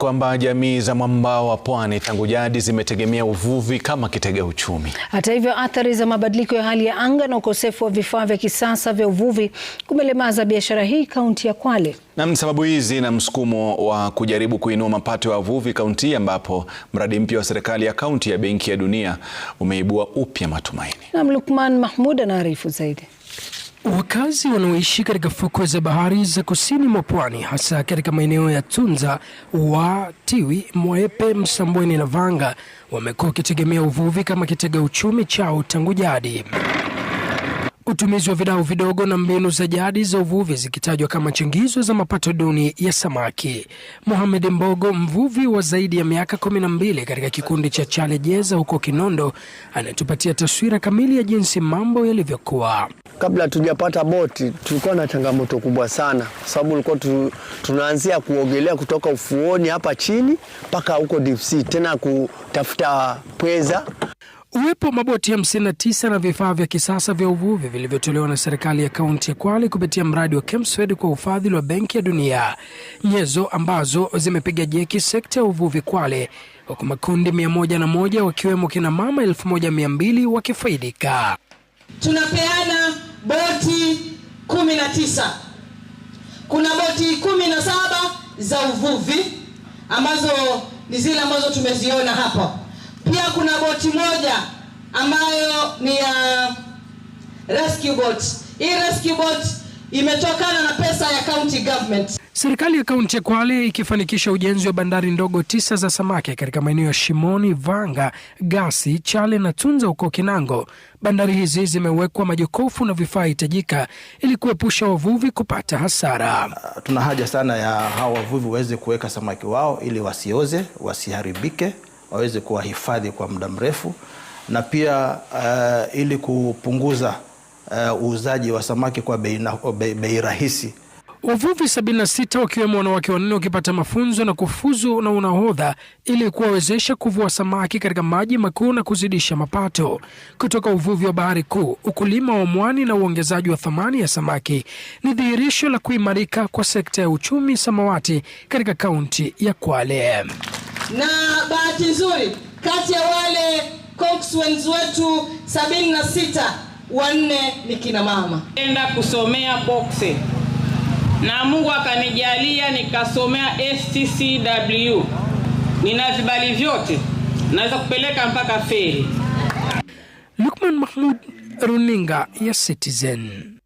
kwamba jamii za mwambao wa pwani tangu jadi zimetegemea uvuvi kama kitega uchumi. Hata hivyo, athari za mabadiliko ya hali ya anga na ukosefu wa vifaa vya kisasa vya uvuvi kumelemaza biashara hii kaunti ya Kwale. Nam, sababu hizi na msukumo wa kujaribu kuinua mapato ya uvuvi wavuvi kaunti hii, ambapo mradi mpya wa serikali ya kaunti ya Benki ya Dunia umeibua upya matumaini. Nam, Lukman Mahmud anaarifu zaidi. Wakazi wanaoishi katika fukwe za bahari za kusini mwa pwani, hasa katika maeneo ya Tunza, wa tiwi Mwepe, Msambweni na Vanga, wamekuwa wakitegemea uvuvi kama kitega uchumi chao tangu jadi. Utumizi wa vidao vidogo na mbinu za jadi za uvuvi zikitajwa kama chingizo za mapato duni ya samaki. Mohamed Mbogo, mvuvi wa zaidi ya miaka kumi na mbili katika kikundi cha Chalejeza huko Kinondo, anatupatia taswira kamili ya jinsi mambo yalivyokuwa kabla tujapata boti tulikuwa na changamoto kubwa sana, sababu ulikuwa tu, tunaanzia kuogelea kutoka ufuoni hapa chini mpaka huko deep sea, tena kutafuta pweza. Uwepo wa maboti 59 na vifaa vya kisasa vya uvuvi vilivyotolewa na serikali ya kaunti ya Kwale kupitia mradi wa KEMFSED kwa ufadhili wa Benki ya Dunia, nyezo ambazo zimepiga jeki sekta ya uvuvi Kwale, huku makundi 101 wakiwemo kina mama 1200 wakifaidika. Tunapea kumi na tisa kuna boti kumi na saba za uvuvi ambazo ni zile ambazo tumeziona hapo. Pia kuna boti moja ambayo ni ya uh, rescue boat. Hii rescue boat imetokana na pesa ya county government. Serikali ya kaunti ya Kwale ikifanikisha ujenzi wa bandari ndogo tisa za samaki katika maeneo ya Shimoni, Vanga, Gasi, Chale na Tunza huko Kinango. Bandari hizi zimewekwa majokofu na vifaa hitajika ili kuepusha wavuvi kupata hasara. Ah, tuna haja sana ya hawa wavuvi waweze kuweka samaki wao ili wasioze, wasiharibike, waweze kuwahifadhi kwa muda mrefu na pia uh, ili kupunguza Uh, uuzaji uh, wa samaki kwa bei bei, bei rahisi. Wavuvi 76 wakiwemo wanawake wanne wakipata mafunzo na kufuzu na unahodha ili kuwawezesha kuvua samaki katika maji makuu na kuzidisha mapato kutoka uvuvi wa bahari kuu. Ukulima wa mwani na uongezaji wa thamani ya samaki ni dhihirisho la kuimarika kwa sekta ya uchumi samawati katika kaunti ya Kwale. Na bahati nzuri, kati ya wale coxswains wetu 76 wanne ni kina mama. Nenda kusomea boxe na Mungu akanijalia nikasomea STCW, nina vibali vyote, naweza kupeleka mpaka feri. Lukman Mahmud, runinga ya Citizen.